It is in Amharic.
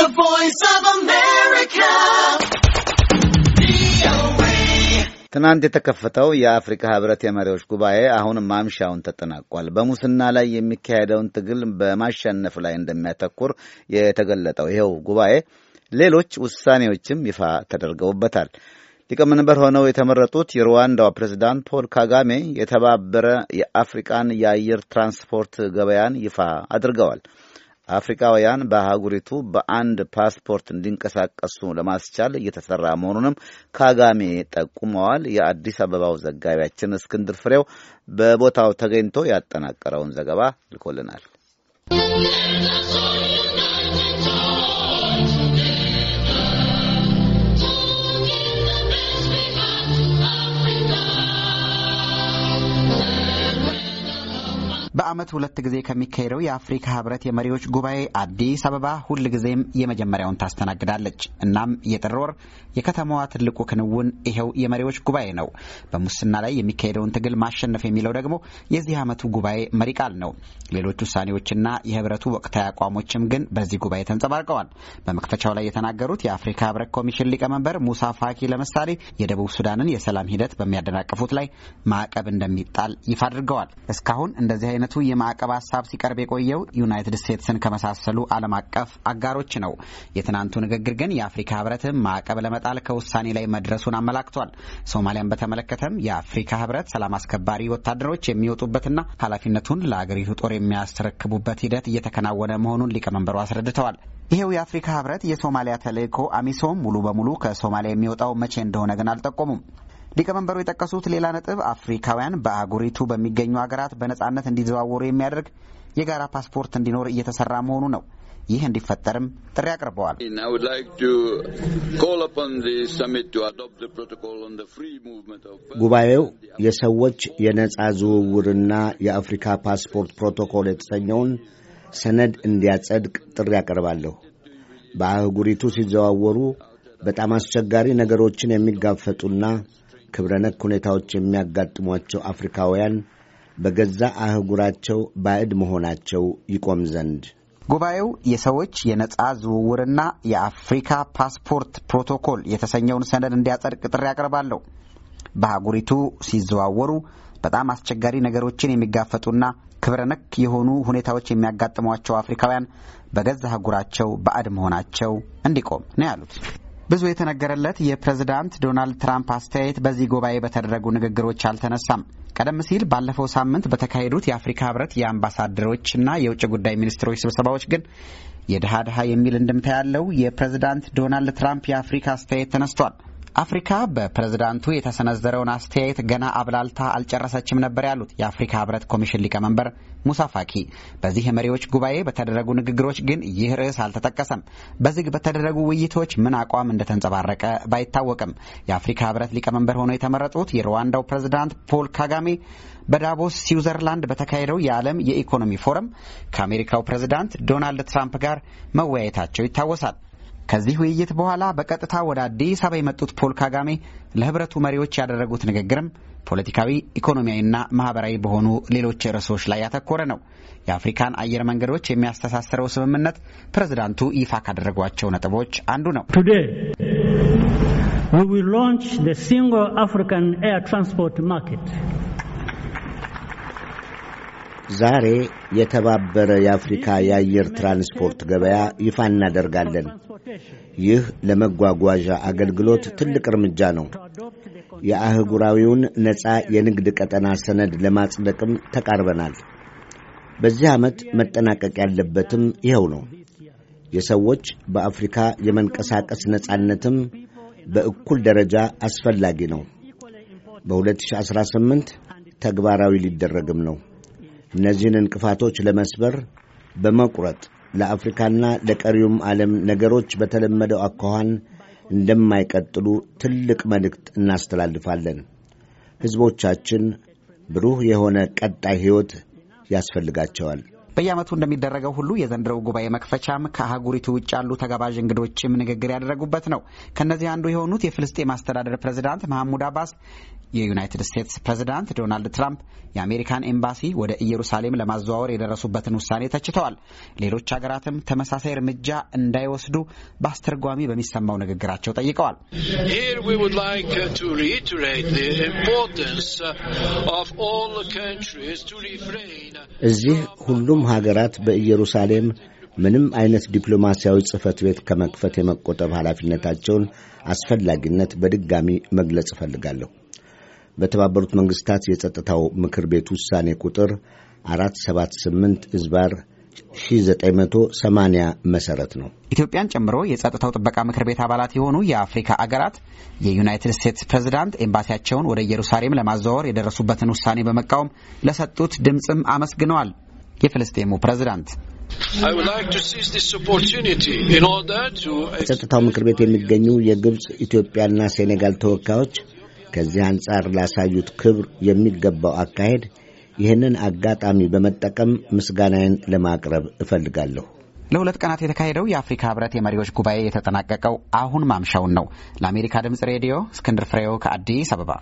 The Voice of America. ትናንት የተከፈተው የአፍሪካ ህብረት የመሪዎች ጉባኤ አሁን ማምሻውን ተጠናቋል። በሙስና ላይ የሚካሄደውን ትግል በማሸነፍ ላይ እንደሚያተኩር የተገለጠው ይኸው ጉባኤ ሌሎች ውሳኔዎችም ይፋ ተደርገውበታል። ሊቀመንበር ሆነው የተመረጡት የሩዋንዳው ፕሬዝዳንት ፖል ካጋሜ የተባበረ የአፍሪቃን የአየር ትራንስፖርት ገበያን ይፋ አድርገዋል። አፍሪካውያን በአህጉሪቱ በአንድ ፓስፖርት እንዲንቀሳቀሱ ለማስቻል እየተሰራ መሆኑንም ካጋሜ ጠቁመዋል። የአዲስ አበባው ዘጋቢያችን እስክንድር ፍሬው በቦታው ተገኝቶ ያጠናቀረውን ዘገባ ልኮልናል። በዓመት ሁለት ጊዜ ከሚካሄደው የአፍሪካ ህብረት የመሪዎች ጉባኤ አዲስ አበባ ሁል ጊዜም የመጀመሪያውን ታስተናግዳለች። እናም የጥር ወር የከተማዋ ትልቁ ክንውን ይኸው የመሪዎች ጉባኤ ነው። በሙስና ላይ የሚካሄደውን ትግል ማሸነፍ የሚለው ደግሞ የዚህ ዓመቱ ጉባኤ መሪ ቃል ነው። ሌሎች ውሳኔዎችና የህብረቱ ወቅታዊ አቋሞችም ግን በዚህ ጉባኤ ተንጸባርቀዋል። በመክፈቻው ላይ የተናገሩት የአፍሪካ ህብረት ኮሚሽን ሊቀመንበር ሙሳ ፋኪ ለምሳሌ የደቡብ ሱዳንን የሰላም ሂደት በሚያደናቅፉት ላይ ማዕቀብ እንደሚጣል ይፋ አድርገዋል። እስካሁን እንደዚህ አይነቱ የማዕቀብ ሀሳብ ሲቀርብ የቆየው ዩናይትድ ስቴትስን ከመሳሰሉ ዓለም አቀፍ አጋሮች ነው። የትናንቱ ንግግር ግን የአፍሪካ ህብረትም ማዕቀብ ለመጣል ከውሳኔ ላይ መድረሱን አመላክቷል። ሶማሊያን በተመለከተም የአፍሪካ ህብረት ሰላም አስከባሪ ወታደሮች የሚወጡበትና ኃላፊነቱን ለአገሪቱ ጦር የሚያስረክቡበት ሂደት እየተከናወነ መሆኑን ሊቀመንበሩ አስረድተዋል። ይሄው የአፍሪካ ህብረት የሶማሊያ ተልእኮ አሚሶም ሙሉ በሙሉ ከሶማሊያ የሚወጣው መቼ እንደሆነ ግን አልጠቆሙም። ሊቀመንበሩ የጠቀሱት ሌላ ነጥብ አፍሪካውያን በአህጉሪቱ በሚገኙ ሀገራት በነጻነት እንዲዘዋወሩ የሚያደርግ የጋራ ፓስፖርት እንዲኖር እየተሰራ መሆኑ ነው። ይህ እንዲፈጠርም ጥሪ አቅርበዋል። ጉባኤው የሰዎች የነጻ ዝውውርና የአፍሪካ ፓስፖርት ፕሮቶኮል የተሰኘውን ሰነድ እንዲያጸድቅ ጥሪ አቀርባለሁ። በአህጉሪቱ ሲዘዋወሩ በጣም አስቸጋሪ ነገሮችን የሚጋፈጡና ክብረነክ ሁኔታዎች የሚያጋጥሟቸው አፍሪካውያን በገዛ አህጉራቸው ባዕድ መሆናቸው ይቆም ዘንድ ጉባኤው የሰዎች የነጻ ዝውውርና የአፍሪካ ፓስፖርት ፕሮቶኮል የተሰኘውን ሰነድ እንዲያጸድቅ ጥሪ ያቀርባለሁ። በአህጉሪቱ ሲዘዋወሩ በጣም አስቸጋሪ ነገሮችን የሚጋፈጡና ክብረነክ የሆኑ ሁኔታዎች የሚያጋጥሟቸው አፍሪካውያን በገዛ አህጉራቸው ባዕድ መሆናቸው እንዲቆም ነው ያሉት። ብዙ የተነገረለት የፕሬዝዳንት ዶናልድ ትራምፕ አስተያየት በዚህ ጉባኤ በተደረጉ ንግግሮች አልተነሳም። ቀደም ሲል ባለፈው ሳምንት በተካሄዱት የአፍሪካ ህብረት የአምባሳደሮችና የውጭ ጉዳይ ሚኒስትሮች ስብሰባዎች ግን የድሃ ድሃ የሚል እንድምታ ያለው የፕሬዝዳንት ዶናልድ ትራምፕ የአፍሪካ አስተያየት ተነስቷል። አፍሪካ በፕሬዝዳንቱ የተሰነዘረውን አስተያየት ገና አብላልታ አልጨረሰችም ነበር ያሉት የአፍሪካ ህብረት ኮሚሽን ሊቀመንበር ሙሳ ፋኪ በዚህ የመሪዎች ጉባኤ በተደረጉ ንግግሮች ግን ይህ ርዕስ አልተጠቀሰም። በዝግ በተደረጉ ውይይቶች ምን አቋም እንደተንጸባረቀ ባይታወቅም የአፍሪካ ህብረት ሊቀመንበር ሆነው የተመረጡት የሩዋንዳው ፕሬዝዳንት ፖል ካጋሜ በዳቦስ ስዊዘርላንድ በተካሄደው የዓለም የኢኮኖሚ ፎረም ከአሜሪካው ፕሬዝዳንት ዶናልድ ትራምፕ ጋር መወያየታቸው ይታወሳል። ከዚህ ውይይት በኋላ በቀጥታ ወደ አዲስ አበባ የመጡት ፖል ካጋሜ ለህብረቱ መሪዎች ያደረጉት ንግግርም ፖለቲካዊ፣ ኢኮኖሚያዊና ማህበራዊ በሆኑ ሌሎች ርዕሶች ላይ ያተኮረ ነው። የአፍሪካን አየር መንገዶች የሚያስተሳስረው ስምምነት ፕሬዝዳንቱ ይፋ ካደረጓቸው ነጥቦች አንዱ ነው። ቱዴይ ዊ ሲንግል አፍሪካን ኤር ትራንስፖርት ማርኬት ዛሬ የተባበረ የአፍሪካ የአየር ትራንስፖርት ገበያ ይፋ እናደርጋለን። ይህ ለመጓጓዣ አገልግሎት ትልቅ እርምጃ ነው። የአህጉራዊውን ነፃ የንግድ ቀጠና ሰነድ ለማጽደቅም ተቃርበናል። በዚህ ዓመት መጠናቀቅ ያለበትም ይኸው ነው። የሰዎች በአፍሪካ የመንቀሳቀስ ነፃነትም በእኩል ደረጃ አስፈላጊ ነው። በ2018 ተግባራዊ ሊደረግም ነው። እነዚህን እንቅፋቶች ለመስበር በመቁረጥ ለአፍሪካና ለቀሪውም ዓለም ነገሮች በተለመደው አኳኋን እንደማይቀጥሉ ትልቅ መልእክት እናስተላልፋለን። ሕዝቦቻችን ብሩህ የሆነ ቀጣይ ሕይወት ያስፈልጋቸዋል። በየዓመቱ እንደሚደረገው ሁሉ የዘንድሮው ጉባኤ መክፈቻም ከአህጉሪቱ ውጭ ያሉ ተጋባዥ እንግዶችም ንግግር ያደረጉበት ነው። ከእነዚህ አንዱ የሆኑት የፍልስጤም አስተዳደር ፕሬዚዳንት መሐሙድ አባስ የዩናይትድ ስቴትስ ፕሬዚዳንት ዶናልድ ትራምፕ የአሜሪካን ኤምባሲ ወደ ኢየሩሳሌም ለማዘዋወር የደረሱበትን ውሳኔ ተችተዋል። ሌሎች ሀገራትም ተመሳሳይ እርምጃ እንዳይወስዱ በአስተርጓሚ በሚሰማው ንግግራቸው ጠይቀዋል። እዚህ ሁሉም ሀገራት በኢየሩሳሌም ምንም አይነት ዲፕሎማሲያዊ ጽህፈት ቤት ከመክፈት የመቆጠብ ኃላፊነታቸውን አስፈላጊነት በድጋሚ መግለጽ እፈልጋለሁ። በተባበሩት መንግሥታት የጸጥታው ምክር ቤት ውሳኔ ቁጥር 478 እዝባር 1980 መሰረት ነው። ኢትዮጵያን ጨምሮ የጸጥታው ጥበቃ ምክር ቤት አባላት የሆኑ የአፍሪካ አገራት የዩናይትድ ስቴትስ ፕሬዝዳንት ኤምባሲያቸውን ወደ ኢየሩሳሌም ለማዘዋወር የደረሱበትን ውሳኔ በመቃወም ለሰጡት ድምፅም አመስግነዋል። የፍልስጤሙ ፕሬዝዳንት ጸጥታው ምክር ቤት የሚገኙ የግብፅ ኢትዮጵያና ሴኔጋል ተወካዮች ከዚህ አንጻር ላሳዩት ክብር የሚገባው አካሄድ ይህንን አጋጣሚ በመጠቀም ምስጋናዬን ለማቅረብ እፈልጋለሁ። ለሁለት ቀናት የተካሄደው የአፍሪካ ህብረት የመሪዎች ጉባኤ የተጠናቀቀው አሁን ማምሻውን ነው። ለአሜሪካ ድምፅ ሬዲዮ እስክንድር ፍሬው ከአዲስ አበባ